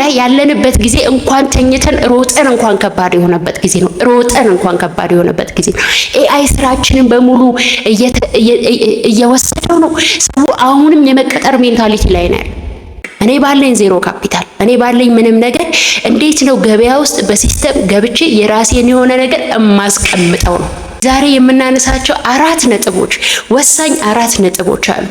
ላይ ያለንበት ጊዜ እንኳን ተኝተን ሮጠን እንኳን ከባድ የሆነበት ጊዜ ነው። ሮጠን እንኳን ከባድ የሆነበት ጊዜ ነው። ኤአይ ስራችንን በሙሉ እየወሰደው ነው። ሰው አሁንም የመቀጠር ሜንታሊቲ ላይ ነው እኔ ባለኝ ዜሮ ካፒታል፣ እኔ ባለኝ ምንም ነገር እንዴት ነው ገበያ ውስጥ በሲስተም ገብቼ የራሴን የሆነ ነገር የማስቀምጠው ነው። ዛሬ የምናነሳቸው አራት ነጥቦች ወሳኝ አራት ነጥቦች አሉ።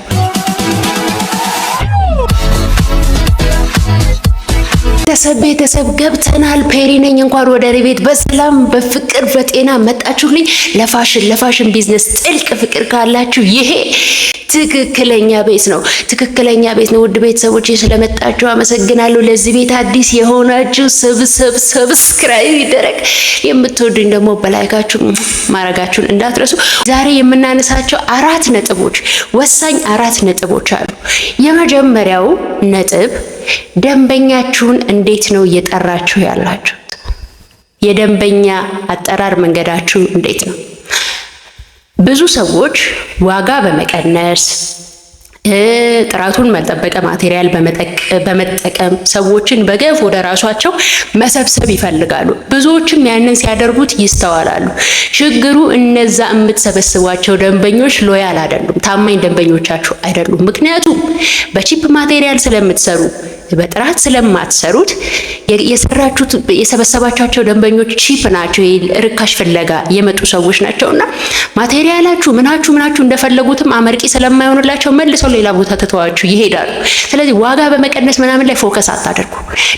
ቤተሰብ ቤተሰብ ገብተናል። ፔሪ ነኝ። እንኳን ወደ ቤት በሰላም በፍቅር በጤና መጣችሁልኝ። ለፋሽን ለፋሽን ቢዝነስ ጥልቅ ፍቅር ካላችሁ ይሄ ትክክለኛ ቤት ነው። ትክክለኛ ቤት ነው። ውድ ቤተሰቦች ስለመጣችሁ አመሰግናለሁ። ለዚህ ቤት አዲስ የሆናችሁ ሰብሰብ ሰብስክራይብ ይደረግ። የምትወዱኝ ደግሞ በላይካችሁ ማረጋችሁን እንዳትረሱ። ዛሬ የምናነሳቸው አራት ነጥቦች ወሳኝ አራት ነጥቦች አሉ። የመጀመሪያው ነጥብ ደንበኛችሁን እንዴት ነው እየጠራችሁ ያላችሁት? የደንበኛ አጠራር መንገዳችሁ እንዴት ነው? ብዙ ሰዎች ዋጋ በመቀነስ ጥራቱን መጠበቀ ማቴሪያል በመጠቀም ሰዎችን በገፍ ወደ ራሷቸው መሰብሰብ ይፈልጋሉ። ብዙዎችም ያንን ሲያደርጉት ይስተዋላሉ። ችግሩ እነዛ የምትሰበስቧቸው ደንበኞች ሎያል አይደሉም፣ ታማኝ ደንበኞቻችሁ አይደሉም። ምክንያቱም በቺፕ ማቴሪያል ስለምትሰሩ በጥራት ስለማትሰሩት የሰራችሁት የሰበሰባቻቸው ደንበኞች ቺፕ ናቸው፣ ርካሽ ፍለጋ የመጡ ሰዎች ናቸው እና ማቴሪያላችሁ ምናችሁ ምናችሁ እንደፈለጉትም አመርቂ ስለማይሆንላቸው መልሰው ሌላ ቦታ ትተዋችሁ ይሄዳሉ። ስለዚህ ዋጋ በመቀነስ ምናምን ላይ ፎከስ አታደርጉ።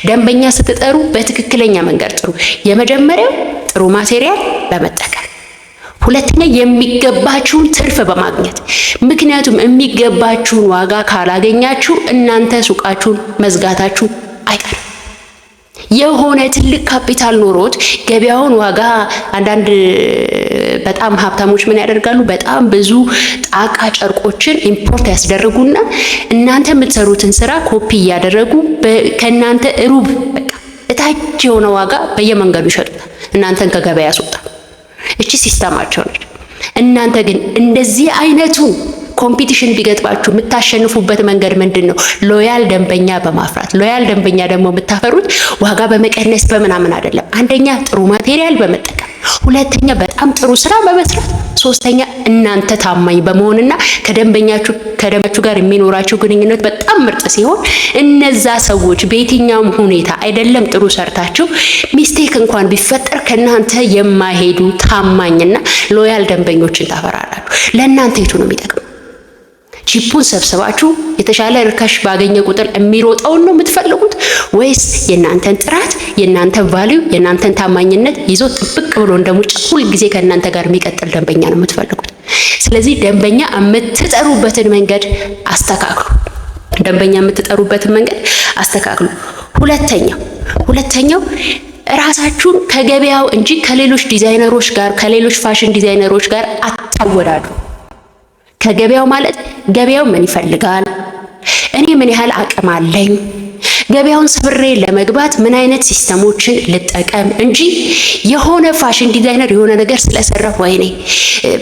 ደንበኛ ስትጠሩ በትክክለኛ መንገድ ጥሩ። የመጀመሪያው ጥሩ ማቴሪያል በመጠቀም ሁለተኛ የሚገባችሁን ትርፍ በማግኘት ምክንያቱም የሚገባችሁን ዋጋ ካላገኛችሁ እናንተ ሱቃችሁን መዝጋታችሁ አይቀርም። የሆነ ትልቅ ካፒታል ኖሮት ገበያውን ዋጋ አንዳንድ በጣም ሀብታሞች ምን ያደርጋሉ? በጣም ብዙ ጣቃ ጨርቆችን ኢምፖርት ያስደርጉና እናንተ የምትሰሩትን ስራ ኮፒ እያደረጉ ከእናንተ ሩብ እታች የሆነ ዋጋ በየመንገዱ ይሸጡታል። እናንተን ከገበያ ያስወጣል። እቺ ሲስተማቸው ነች። እናንተ ግን እንደዚህ አይነቱ ኮምፒቲሽን ቢገጥባችሁ የምታሸንፉበት መንገድ ምንድን ነው? ሎያል ደንበኛ በማፍራት ሎያል ደንበኛ ደግሞ የምታፈሩት ዋጋ በመቀነስ በምናምን አይደለም። አንደኛ ጥሩ ማቴሪያል በመጠቀም፣ ሁለተኛ በጣም ጥሩ ስራ በመስራት፣ ሶስተኛ እናንተ ታማኝ በመሆንና ከደንበኛችሁ ከደንበኛችሁ ጋር የሚኖራችሁ ግንኙነት በጣም ምርጥ ሲሆን እነዛ ሰዎች በየትኛውም ሁኔታ አይደለም ጥሩ ሰርታችሁ ሚስቴክ እንኳን ቢፈጠር ከእናንተ የማይሄዱ ታማኝና ሎያል ደንበኞችን ታፈራላችሁ። ለእናንተ የቱ ነው የሚጠቅመው? ጂፑን ሰብስባችሁ የተሻለ ርካሽ ባገኘ ቁጥር የሚሮጠውን ነው የምትፈልጉት ወይስ የእናንተን ጥራት፣ የእናንተን ቫሊዩ፣ የእናንተን ታማኝነት ይዞ ጥብቅ ብሎ እንደሙጫ ሁልጊዜ ከእናንተ ጋር የሚቀጥል ደንበኛ ነው የምትፈልጉት? ስለዚህ ደንበኛ የምትጠሩበትን መንገድ አስተካክሉ። ደንበኛ የምትጠሩበትን መንገድ አስተካክሉ። ሁለተኛው ሁለተኛው ራሳችሁን ከገበያው እንጂ ከሌሎች ዲዛይነሮች ጋር ከሌሎች ፋሽን ዲዛይነሮች ጋር አታወዳዱ። ከገበያው ማለት ገበያው ምን ይፈልጋል፣ እኔ ምን ያህል አቅም አለኝ፣ ገበያውን ሰብሬ ለመግባት ምን አይነት ሲስተሞችን ልጠቀም እንጂ የሆነ ፋሽን ዲዛይነር የሆነ ነገር ስለሰራ ወይኔ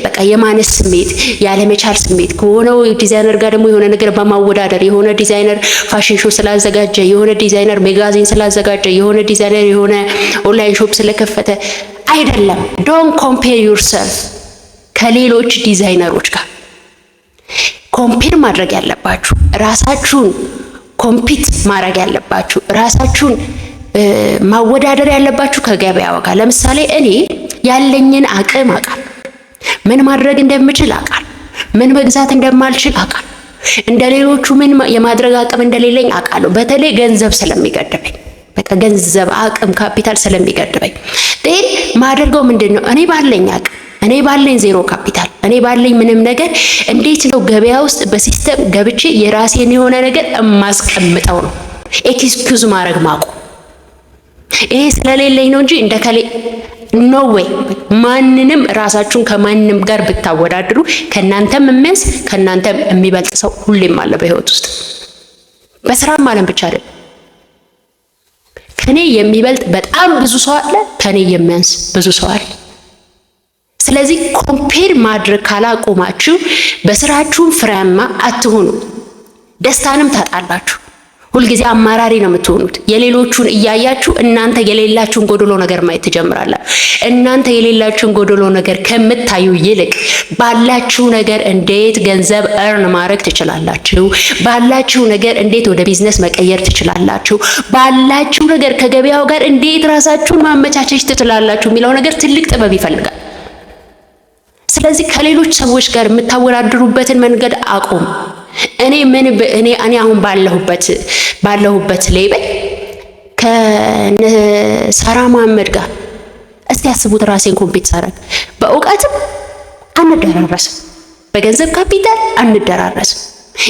በቃ የማነስ ስሜት ያለመቻል ስሜት ከሆነው ዲዛይነር ጋር ደግሞ የሆነ ነገር በማወዳደር የሆነ ዲዛይነር ፋሽን ሾው ስላዘጋጀ፣ የሆነ ዲዛይነር ሜጋዚን ስላዘጋጀ፣ የሆነ ዲዛይነር የሆነ ኦንላይን ሾፕ ስለከፈተ አይደለም። ዶን ኮምፔር ዩርሰልፍ ከሌሎች ዲዛይነሮች ጋር ኮምፒር ማድረግ ያለባችሁ ራሳችሁን ኮምፒት ማድረግ ያለባችሁ ራሳችሁን ማወዳደር ያለባችሁ ከገበያው ጋር። ለምሳሌ እኔ ያለኝን አቅም አቃል ምን ማድረግ እንደምችል አቃል? ምን መግዛት እንደማልችል አቃል እንደ ሌሎቹ ምን የማድረግ አቅም እንደሌለኝ አውቃለሁ። በተለይ ገንዘብ ስለሚገድበኝ በቃ ገንዘብ አቅም ካፒታል ስለሚገድበኝ ማደርገው ምንድን ነው እኔ ባለኝ አቅም እኔ ባለኝ ዜሮ ካፒታል እኔ ባለኝ ምንም ነገር እንዴት ነው ገበያ ውስጥ በሲስተም ገብቼ የራሴን የሆነ ነገር የማስቀምጠው ነው። ኤክስኪውዝ ማድረግ ማቁ። ይሄ ስለሌለኝ ነው እንጂ እንደ ከሌ ኖ ዌይ። ማንንም ራሳችሁን ከማንም ጋር ብታወዳድሩ ከእናንተም የሚያንስ ከእናንተም የሚበልጥ ሰው ሁሌም አለ በህይወት ውስጥ በስራም አለም ብቻ አይደለም። ከኔ የሚበልጥ በጣም ብዙ ሰው አለ። ከኔ የሚያንስ ብዙ ሰው አለ። ስለዚህ ኮምፔር ማድረግ ካላቆማችሁ በስራችሁም ፍሬያማ አትሆኑ፣ ደስታንም ታጣላችሁ። ሁልጊዜ አማራሪ ነው የምትሆኑት። የሌሎቹን እያያችሁ እናንተ የሌላችሁን ጎደሎ ነገር ማየት ትጀምራላችሁ። እናንተ የሌላችሁን ጎደሎ ነገር ከምታዩ ይልቅ ባላችሁ ነገር እንዴት ገንዘብ እርን ማድረግ ትችላላችሁ፣ ባላችሁ ነገር እንዴት ወደ ቢዝነስ መቀየር ትችላላችሁ፣ ባላችሁ ነገር ከገበያው ጋር እንዴት ራሳችሁን ማመቻቸች ትችላላችሁ የሚለው ነገር ትልቅ ጥበብ ይፈልጋል። ስለዚህ ከሌሎች ሰዎች ጋር የምታወዳድሩበትን መንገድ አቁም። እኔ ምን እኔ እኔ አሁን ባለሁበት ባለሁበት ሌቤል ከሳራ መሐመድ ጋር እስቲ ያስቡት። ራሴን ኮምፒት ሳረግ በእውቀትም አንደራረስም፣ በገንዘብ ካፒታል አንደራረስም።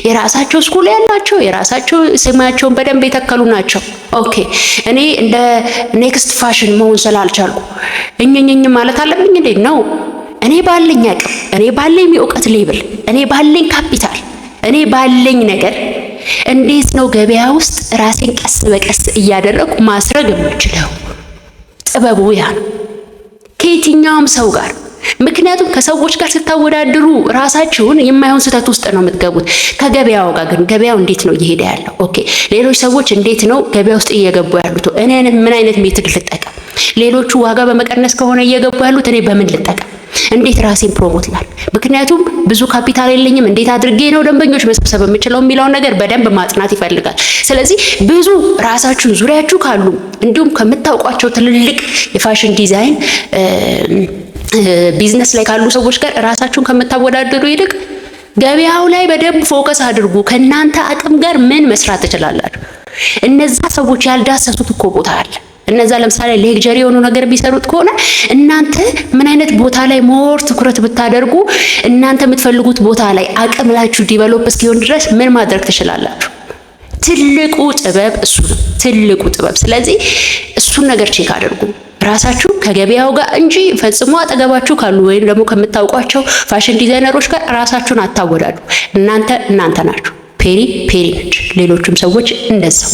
የራሳቸው ስኩል ያላቸው የራሳቸው ስማቸውን በደንብ የተከሉ ናቸው። ኦኬ እኔ እንደ ኔክስት ፋሽን መሆን ስላልቻልኩ እኝኝኝ ማለት አለብኝ እንዴ ነው እኔ ባለኝ አቅም፣ እኔ ባለኝ የእውቀት ሌብል፣ እኔ ባለኝ ካፒታል፣ እኔ ባለኝ ነገር እንዴት ነው ገበያ ውስጥ ራሴን ቀስ በቀስ እያደረግኩ ማስረግ የምችለው? ጥበቡ ያ ነው። ከየትኛውም ሰው ጋር ምክንያቱም ከሰዎች ጋር ስታወዳድሩ ራሳችሁን የማይሆን ስህተት ውስጥ ነው የምትገቡት። ከገበያው ጋር ግን ገበያው እንዴት ነው እየሄደ ያለው? ኦኬ ሌሎች ሰዎች እንዴት ነው ገበያ ውስጥ እየገቡ ያሉት? እኔ ምን አይነት ሜትድ ልጠቀም? ሌሎቹ ዋጋ በመቀነስ ከሆነ እየገቡ ያሉት እኔ በምን ልጠቀም? እንዴት ራሴን ፕሮሞት ላል ምክንያቱም ብዙ ካፒታል የለኝም፣ እንዴት አድርጌ ነው ደንበኞች መሰብሰብ የምችለው የሚለውን ነገር በደንብ ማጥናት ይፈልጋል። ስለዚህ ብዙ ራሳችሁን ዙሪያችሁ ካሉ እንዲሁም ከምታውቋቸው ትልልቅ የፋሽን ዲዛይን ቢዝነስ ላይ ካሉ ሰዎች ጋር ራሳችሁን ከምታወዳደሩ ይልቅ ገበያው ላይ በደንብ ፎከስ አድርጉ። ከእናንተ አቅም ጋር ምን መስራት ትችላላችሁ? እነዛ ሰዎች ያልዳሰሱት እኮ ቦታ አለ። እነዛ ለምሳሌ ሌክጀሪ የሆኑ ነገር ቢሰሩት ከሆነ እናንተ ምን አይነት ቦታ ላይ ሞር ትኩረት ብታደርጉ እናንተ የምትፈልጉት ቦታ ላይ አቅም ላችሁ ዲቨሎፕ እስኪሆን ድረስ ምን ማድረግ ትችላላችሁ? ትልቁ ጥበብ እሱ ነው። ትልቁ ጥበብ። ስለዚህ እሱን ነገር ቼክ አድርጉ ራሳችሁ ከገበያው ጋር እንጂ ፈጽሞ አጠገባችሁ ካሉ ወይም ደግሞ ከምታውቋቸው ፋሽን ዲዛይነሮች ጋር ራሳችሁን አታወዳዱ። እናንተ እናንተ ናችሁ። ፔሪ ፔሪ ነች። ሌሎችም ሰዎች እንደዛው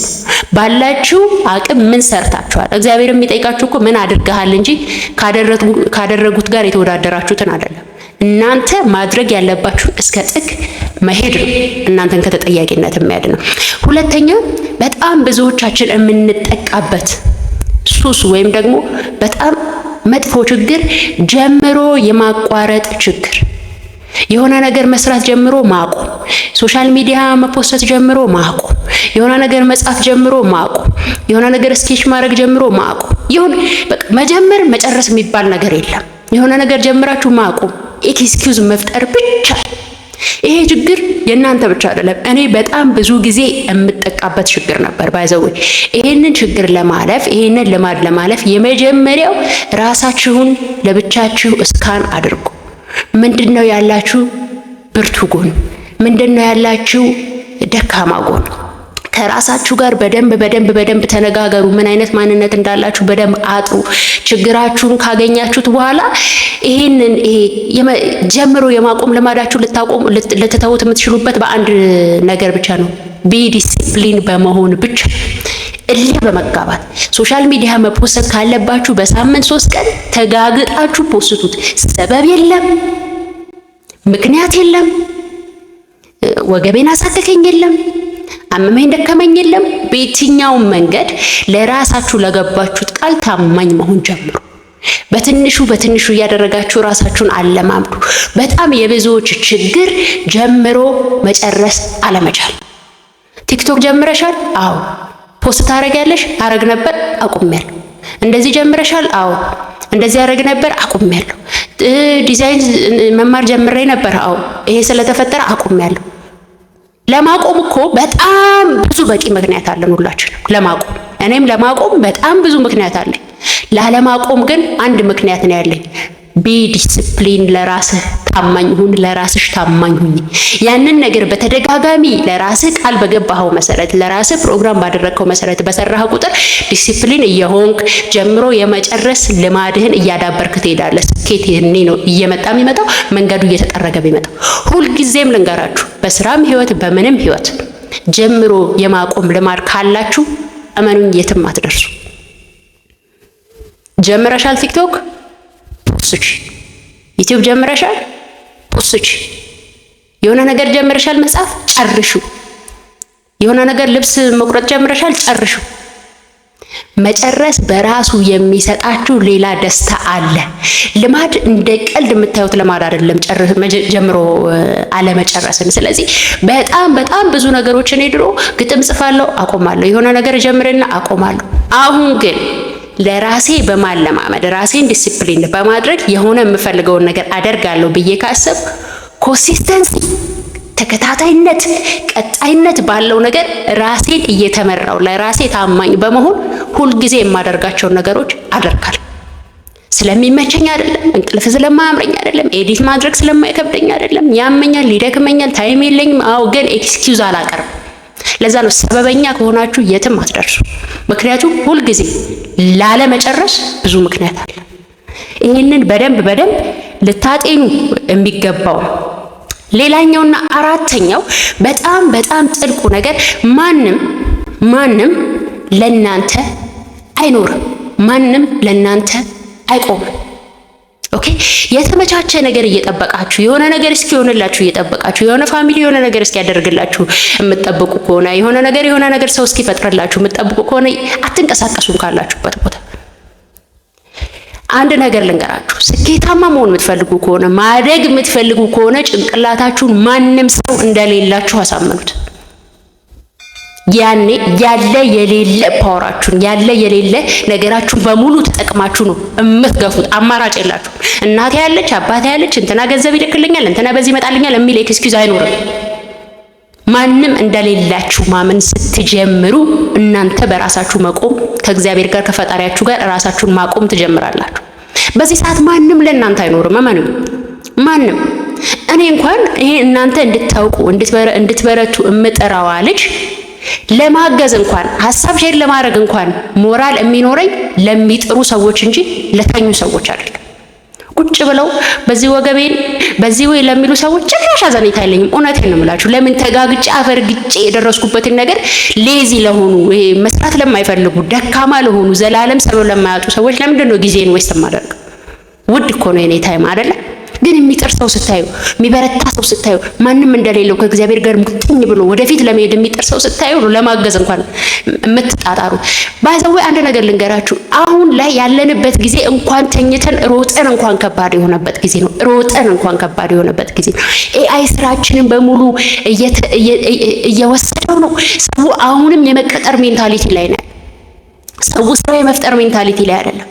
ባላችሁ አቅም ምን ሰርታችኋል? እግዚአብሔር የሚጠይቃችሁ እኮ ምን አድርገሃል እንጂ ካደረጉት ጋር የተወዳደራችሁትን አይደለም። እናንተ ማድረግ ያለባችሁ እስከ ጥግ መሄድ ነው። እናንተን ከተጠያቂነት የሚያድ ነው። ሁለተኛ በጣም ብዙዎቻችን የምንጠቃበት ሱስ ወይም ደግሞ በጣም መጥፎ ችግር ጀምሮ የማቋረጥ ችግር የሆነ ነገር መስራት ጀምሮ ማቆም፣ ሶሻል ሚዲያ መፖስት ጀምሮ ማቆም፣ የሆነ ነገር መጻፍ ጀምሮ ማቆም፣ የሆነ ነገር ስኬች ማድረግ ጀምሮ ማቆም። ይሁን በቃ መጀመር መጨረስ የሚባል ነገር የለም። የሆነ ነገር ጀምራችሁ ማቆም፣ ኤክስኪውዝ መፍጠር ብቻ። ይሄ ችግር የእናንተ ብቻ አይደለም። እኔ በጣም ብዙ ጊዜ የምጠቃበት ችግር ነበር። ባይዘው ይሄንን ችግር ለማለፍ ይሄንን ልማድ ለማለፍ የመጀመሪያው ራሳችሁን ለብቻችሁ እስካን አድርጉ። ምንድን ነው ያላችሁ ብርቱ ጎን፣ ምንድን ነው ያላችሁ ደካማ ጎን። ከራሳችሁ ጋር በደንብ በደንብ በደንብ ተነጋገሩ። ምን አይነት ማንነት እንዳላችሁ በደንብ አጥሩ። ችግራችሁን ካገኛችሁት በኋላ ይሄንን ይሄ ጀምሮ የማቆም ልማዳችሁ ልታቆም ልትተውት የምትችሉበት በአንድ ነገር ብቻ ነው፣ ቢ ዲሲፕሊን በመሆን ብቻ እልህ በመጋባት ሶሻል ሚዲያ መፖሰት ካለባችሁ በሳምንት ሶስት ቀን ተጋግጣችሁ ፖስቱት። ሰበብ የለም፣ ምክንያት የለም፣ ወገቤን አሳከከኝ የለም፣ አመመኝ ደከመኝ የለም። በየትኛውም መንገድ ለራሳችሁ ለገባችሁት ቃል ታማኝ መሆን ጀምሩ። በትንሹ በትንሹ እያደረጋችሁ ራሳችሁን አለማምዱ። በጣም የብዙዎች ችግር ጀምሮ መጨረስ አለመቻል። ቲክቶክ ጀምረሻል? አዎ ፖስት ታደርጊያለሽ? አረግ ነበር አቁሜያለሁ። እንደዚህ ጀምረሻል? አዎ። እንደዚህ አረግ ነበር አቁሜያለሁ። ዲዛይን መማር ጀምሬ ነበር። አዎ። ይሄ ስለተፈጠረ አቁሜያለሁ። ለማቆም እኮ በጣም ብዙ በቂ ምክንያት አለን ሁላችንም ለማቆም። እኔም ለማቆም በጣም ብዙ ምክንያት አለኝ። ላለማቆም ግን አንድ ምክንያት ነው ያለኝ ቢ ዲስፕሊን ለራስህ ታማኝ ሁን፣ ለራስሽ ታማኝ ሁኝ። ያንን ነገር በተደጋጋሚ ለራስህ ቃል በገባኸው መሰረት፣ ለራስህ ፕሮግራም ባደረግከው መሰረት በሰራህ ቁጥር ዲስፕሊን እየሆንክ ጀምሮ የመጨረስ ልማድህን እያዳበርክ ትሄዳለህ። ስኬት ይህኔ ነው እየመጣ የሚመጣው መንገዱ እየተጠረገ ቢመጣው። ሁልጊዜም ልንገራችሁ፣ በስራም ህይወት፣ በምንም ህይወት ጀምሮ የማቆም ልማድ ካላችሁ እመኑኝ የትም አትደርሱ። ጀምረሻል ቲክቶክ ቁስች ዩቲዩብ ጀምረሻል፣ ቁስች የሆነ ነገር ጀምረሻል፣ መጽሐፍ ጨርሹ። የሆነ ነገር ልብስ መቁረጥ ጀምረሻል፣ ጨርሹ። መጨረስ በራሱ የሚሰጣችሁ ሌላ ደስታ አለ። ልማድ እንደ ቀልድ የምታዩት ልማድ አይደለም፣ ጀምሮ አለመጨረስን። ስለዚህ በጣም በጣም ብዙ ነገሮች እኔ ድሮ ግጥም ጽፋለሁ፣ አቆማለሁ። የሆነ ነገር ጀምርና አቆማለሁ። አሁን ግን ለራሴ በማለማመድ ራሴን ዲሲፕሊን በማድረግ የሆነ የምፈልገውን ነገር አደርጋለሁ ብዬ ካሰብ ኮንሲስተንሲ፣ ተከታታይነት፣ ቀጣይነት ባለው ነገር ራሴን እየተመራው ለራሴ ታማኝ በመሆን ሁልጊዜ የማደርጋቸውን ነገሮች አደርጋለሁ። ስለሚመቸኝ አይደለም፣ እንቅልፍ ስለማያምረኝ አይደለም፣ ኤዲት ማድረግ ስለማይከብደኝ አይደለም። ያመኛል፣ ይደክመኛል፣ ታይም የለኝም። አዎ፣ ግን ኤክስኪውዝ አላቀርብም። ለዛ ነው ሰበበኛ ከሆናችሁ የትም አትደርሱ። ምክንያቱም ሁልጊዜ ላለመጨረስ ብዙ ምክንያት አለ። ይህንን በደንብ በደንብ ልታጤኑ የሚገባው ነው። ሌላኛውና አራተኛው በጣም በጣም ጥልቁ ነገር ማንም ማንም ለናንተ አይኖርም። ማንም ለናንተ አይቆምም። ኦኬ የተመቻቸ ነገር እየጠበቃችሁ የሆነ ነገር እስኪሆንላችሁ እየጠበቃችሁ የሆነ ፋሚሊ የሆነ ነገር እስኪያደርግላችሁ የምትጠብቁ ከሆነ የሆነ ነገር የሆነ ነገር ሰው እስኪፈጥርላችሁ የምትጠብቁ ከሆነ አትንቀሳቀሱም ካላችሁበት ቦታ። አንድ ነገር ልንገራችሁ፣ ስኬታማ መሆን የምትፈልጉ ከሆነ ማደግ የምትፈልጉ ከሆነ ጭንቅላታችሁን ማንም ሰው እንደሌላችሁ አሳምኑት። ያኔ ያለ የሌለ ፓወራችሁን ያለ የሌለ ነገራችሁን በሙሉ ተጠቅማችሁ ነው እምትገፉት አማራጭ የላችሁም። እናት ያለች አባት ያለች እንትና ገንዘብ ይልክልኛል እንትና በዚህ ይመጣልኛል የሚል ኤክስኪውዝ አይኖርም። ማንም እንደሌላችሁ ማመን ስትጀምሩ እናንተ በራሳችሁ መቆም ከእግዚአብሔር ጋር ከፈጣሪያችሁ ጋር ራሳችሁን ማቆም ትጀምራላችሁ። በዚህ ሰዓት ማንም ለእናንተ አይኖርም። እመኑ፣ ማንም እኔ እንኳን ይሄ እናንተ እንድታውቁ እንድትበረቱ እምጠራዋ ልጅ ለማገዝ እንኳን ሀሳብ ሼር ለማድረግ እንኳን ሞራል የሚኖረኝ ለሚጥሩ ሰዎች እንጂ ለተኙ ሰዎች አይደለም። ቁጭ ብለው በዚህ ወገቤን በዚህ ወይ ለሚሉ ሰዎች ጭራሽ አዘኔት አይለኝም። እውነቴን ነው የምላችሁ። ለምን ተጋግጬ አፈር ግጬ የደረስኩበትን ነገር ሌዚ ለሆኑ ይሄ መስራት ለማይፈልጉ ደካማ ለሆኑ ዘላለም ሰሎ ለማያጡ ሰዎች ለምንድን ነው ጊዜን ወይስ ማደርግ? ውድ እኮ ነው የኔ ታይም አይደለ? ግን የሚጥር ሰው ስታዩ፣ የሚበረታ ሰው ስታዩ፣ ማንም እንደሌለው ከእግዚአብሔር ጋር ሙጥኝ ብሎ ወደፊት ለመሄድ የሚጥር ሰው ስታዩ ለማገዝ እንኳን የምትጣጣሩ ባይዘው። አንድ ነገር ልንገራችሁ፣ አሁን ላይ ያለንበት ጊዜ እንኳን ተኝተን ሮጠን እንኳን ከባድ የሆነበት ጊዜ ነው። ሮጠን እንኳን ከባድ የሆነበት ጊዜ ነው። ኤአይ ስራችንን በሙሉ እየወሰደው ነው። ሰው አሁንም የመቀጠር ሜንታሊቲ ላይ ነው። ሰው ስራ የመፍጠር ሜንታሊቲ ላይ አይደለም።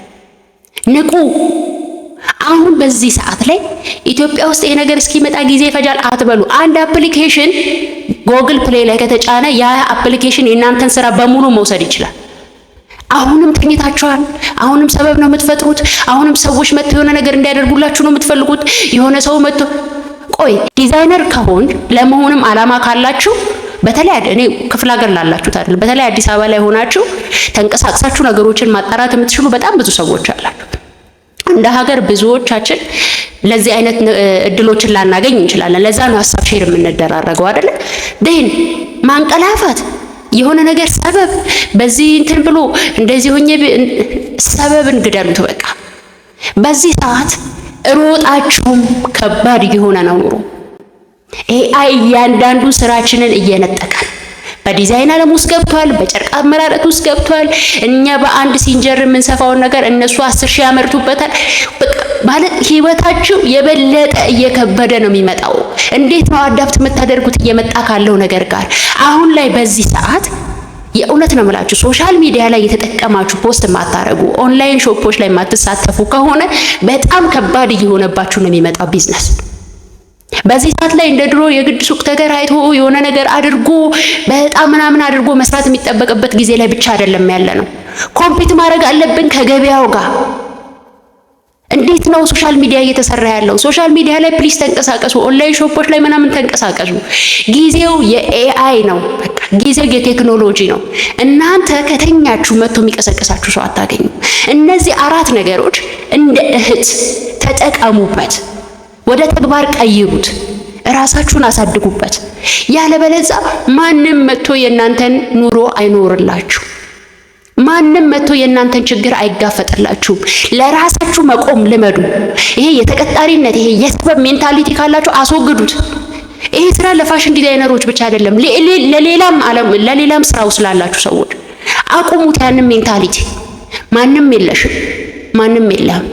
ንቁ። አሁን በዚህ ሰዓት ላይ ኢትዮጵያ ውስጥ ይሄ ነገር እስኪመጣ ጊዜ ይፈጃል አትበሉ። አንድ አፕሊኬሽን ጎግል ፕሌይ ላይ ከተጫነ ያ አፕሊኬሽን የእናንተን ስራ በሙሉ መውሰድ ይችላል። አሁንም ተኝታችኋል። አሁንም ሰበብ ነው የምትፈጥሩት። አሁንም ሰዎች መጥተው የሆነ ነገር እንዲያደርጉላችሁ ነው የምትፈልጉት። የሆነ ሰው መጥቶ ቆይ ዲዛይነር ከሆን ለመሆንም አላማ ካላችሁ በተለይ እኔ ክፍለ ሀገር ላላችሁት አይደለም፣ በተለይ አዲስ አበባ ላይ ሆናችሁ ተንቀሳቅሳችሁ ነገሮችን ማጣራት የምትችሉ በጣም ብዙ ሰዎች አለ እንደ ሀገር ብዙዎቻችን ለዚህ አይነት እድሎችን ላናገኝ እንችላለን። ለዛ ነው ሀሳብ ሼር የምንደራረገው አይደለ? ደህን ማንቀላፋት የሆነ ነገር ሰበብ በዚህ እንትን ብሎ እንደዚህ ሆኜ ሰበብ ግደሉት በቃ። በዚህ ሰዓት ሮጣችሁም ከባድ እየሆነ ነው ኑሮ። ኤአይ እያንዳንዱ ስራችንን እየነጠቀን በዲዛይን ዓለም ውስጥ ገብቷል። በጨርቅ አመራረት ውስጥ ገብቷል። እኛ በአንድ ሲንጀር የምንሰፋውን ነገር እነሱ አስር ሺህ ያመርቱበታል። ማለት ህይወታችሁ የበለጠ እየከበደ ነው የሚመጣው። እንዴት ነው አዳፕት የምታደርጉት እየመጣ ካለው ነገር ጋር? አሁን ላይ በዚህ ሰዓት የእውነት ነው የምላችሁ፣ ሶሻል ሚዲያ ላይ የተጠቀማችሁ ፖስት የማታረጉ ኦንላይን ሾፖች ላይ የማትሳተፉ ከሆነ በጣም ከባድ እየሆነባችሁ ነው የሚመጣው ቢዝነስ በዚህ ሰዓት ላይ እንደ ድሮ የግድ ሱቅ ተከራይቶ የሆነ ነገር አድርጎ በጣም ምናምን አድርጎ መስራት የሚጠበቅበት ጊዜ ላይ ብቻ አይደለም ያለ ነው። ኮምፒት ማድረግ አለብን ከገበያው ጋር። እንዴት ነው ሶሻል ሚዲያ እየተሰራ ያለው? ሶሻል ሚዲያ ላይ ፕሊስ ተንቀሳቀሱ። ኦንላይን ሾፖች ላይ ምናምን ተንቀሳቀሱ። ጊዜው የኤአይ ነው። በቃ ጊዜው የቴክኖሎጂ ነው። እናንተ ከተኛችሁ መጥቶ የሚቀሰቀሳችሁ ሰው አታገኙ። እነዚህ አራት ነገሮች እንደ እህት ተጠቀሙበት። ወደ ተግባር ቀይሩት፣ ራሳችሁን አሳድጉበት። ያለበለዛ ማንም መጥቶ የእናንተን ኑሮ አይኖርላችሁ። ማንም መጥቶ የእናንተን ችግር አይጋፈጥላችሁም። ለራሳችሁ መቆም ልመዱ። ይሄ የተቀጣሪነት ይሄ የሰበብ ሜንታሊቲ ካላችሁ አስወግዱት። ይሄ ስራ ለፋሽን ዲዛይነሮች ብቻ አይደለም፣ ለሌላም ዓለም ለሌላም ስራ ውስጥ ላላችሁ ሰዎች አቁሙት። ያንን ሜንታሊቲ ማንም የለሽም፣ ማንም የለም።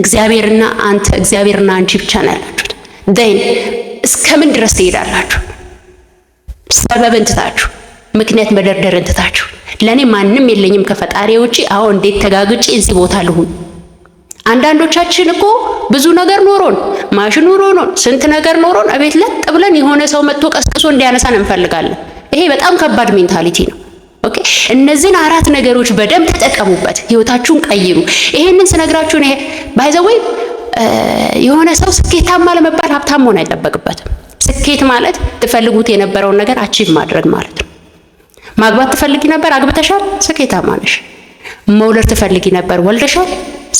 እግዚአብሔርና አንተ እግዚአብሔርና አንቺ ብቻ ነው ያላችሁት። ን እስከምን ድረስ ትሄዳላችሁ? ሰበብ እንትታችሁ ምክንያት መደርደር እንትታችሁ ለእኔ ማንም የለኝም ከፈጣሪ ውጪ። አዎ እንዴት ተጋግጬ እዚህ ቦታ ልሁን? አንዳንዶቻችን እኮ ብዙ ነገር ኖሮን ማሽን ኖሮን ስንት ነገር ኖሮን እቤት ለጥ ብለን የሆነ ሰው መጥቶ ቀስቅሶ እንዲያነሳን እንፈልጋለን። ይሄ በጣም ከባድ ሜንታሊቲ ነው። ኦኬ እነዚህን አራት ነገሮች በደንብ ተጠቀሙበት፣ ህይወታችሁን ቀይሩ። ይሄንን ስነግራችሁ ነው። ባይዘወይ የሆነ ሰው ስኬታማ ለመባል ሀብታም መሆን አይጠበቅበትም። ስኬት ማለት ትፈልጉት የነበረውን ነገር አቺቭ ማድረግ ማለት ነው። ማግባት ትፈልጊ ነበር፣ አግብተሻል፣ ስኬታማ ነሽ። መውለድ ትፈልጊ ነበር፣ ወልደሻል፣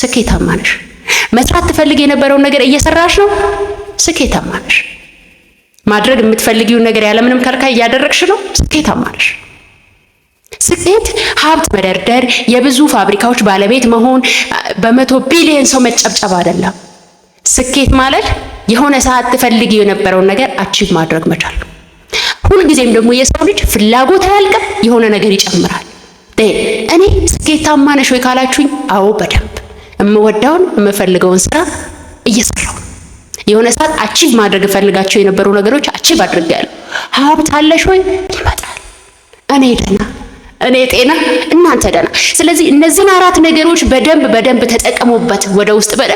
ስኬታማ ነሽ። መስራት ትፈልጊ የነበረውን ነገር እየሰራሽ ነው፣ ስኬታማ ነሽ። ማድረግ የምትፈልጊውን ነገር ያለምንም ከልካይ እያደረግሽ ነው፣ ስኬታማ ነሽ። ስኬት ሀብት መደርደር፣ የብዙ ፋብሪካዎች ባለቤት መሆን፣ በመቶ ቢሊዮን ሰው መጨብጨብ አይደለም። ስኬት ማለት የሆነ ሰዓት ትፈልግ የነበረውን ነገር አቺቭ ማድረግ መቻል። ሁልጊዜም ደግሞ የሰው ልጅ ፍላጎት አያልቅም፣ የሆነ ነገር ይጨምራል። እኔ ስኬታማ ነሽ ወይ ካላችሁኝ፣ አዎ በደንብ የምወዳውን የምፈልገውን ስራ እየሰራው የሆነ ሰዓት አቺቭ ማድረግ እፈልጋቸው የነበሩ ነገሮች አቺቭ አድርጌያለሁ። ሀብት አለሽ ወይ? ይመጣል። እኔ ደህና እኔ ጤና እናንተ ደና። ስለዚህ እነዚህን አራት ነገሮች በደንብ በደንብ ተጠቀሙበት። ወደ ውስጥ በደ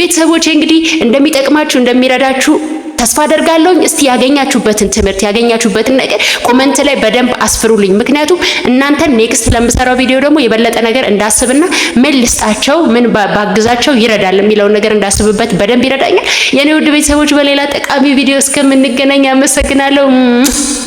ቤተሰቦቼ እንግዲህ እንደሚጠቅማችሁ እንደሚረዳችሁ ተስፋ አደርጋለሁኝ። እስቲ ያገኛችሁበትን ትምህርት ያገኛችሁበትን ነገር ኮመንት ላይ በደንብ አስፍሩልኝ። ምክንያቱም እናንተን ኔክስት ለምሰራው ቪዲዮ ደግሞ የበለጠ ነገር እንዳስብና ምን ልስጣቸው፣ ምን ባግዛቸው ይረዳል የሚለውን ነገር እንዳስብበት በደንብ ይረዳኛል። የኔ ውድ ቤተሰቦች በሌላ ጠቃሚ ቪዲዮ እስከምንገናኝ አመሰግናለሁ።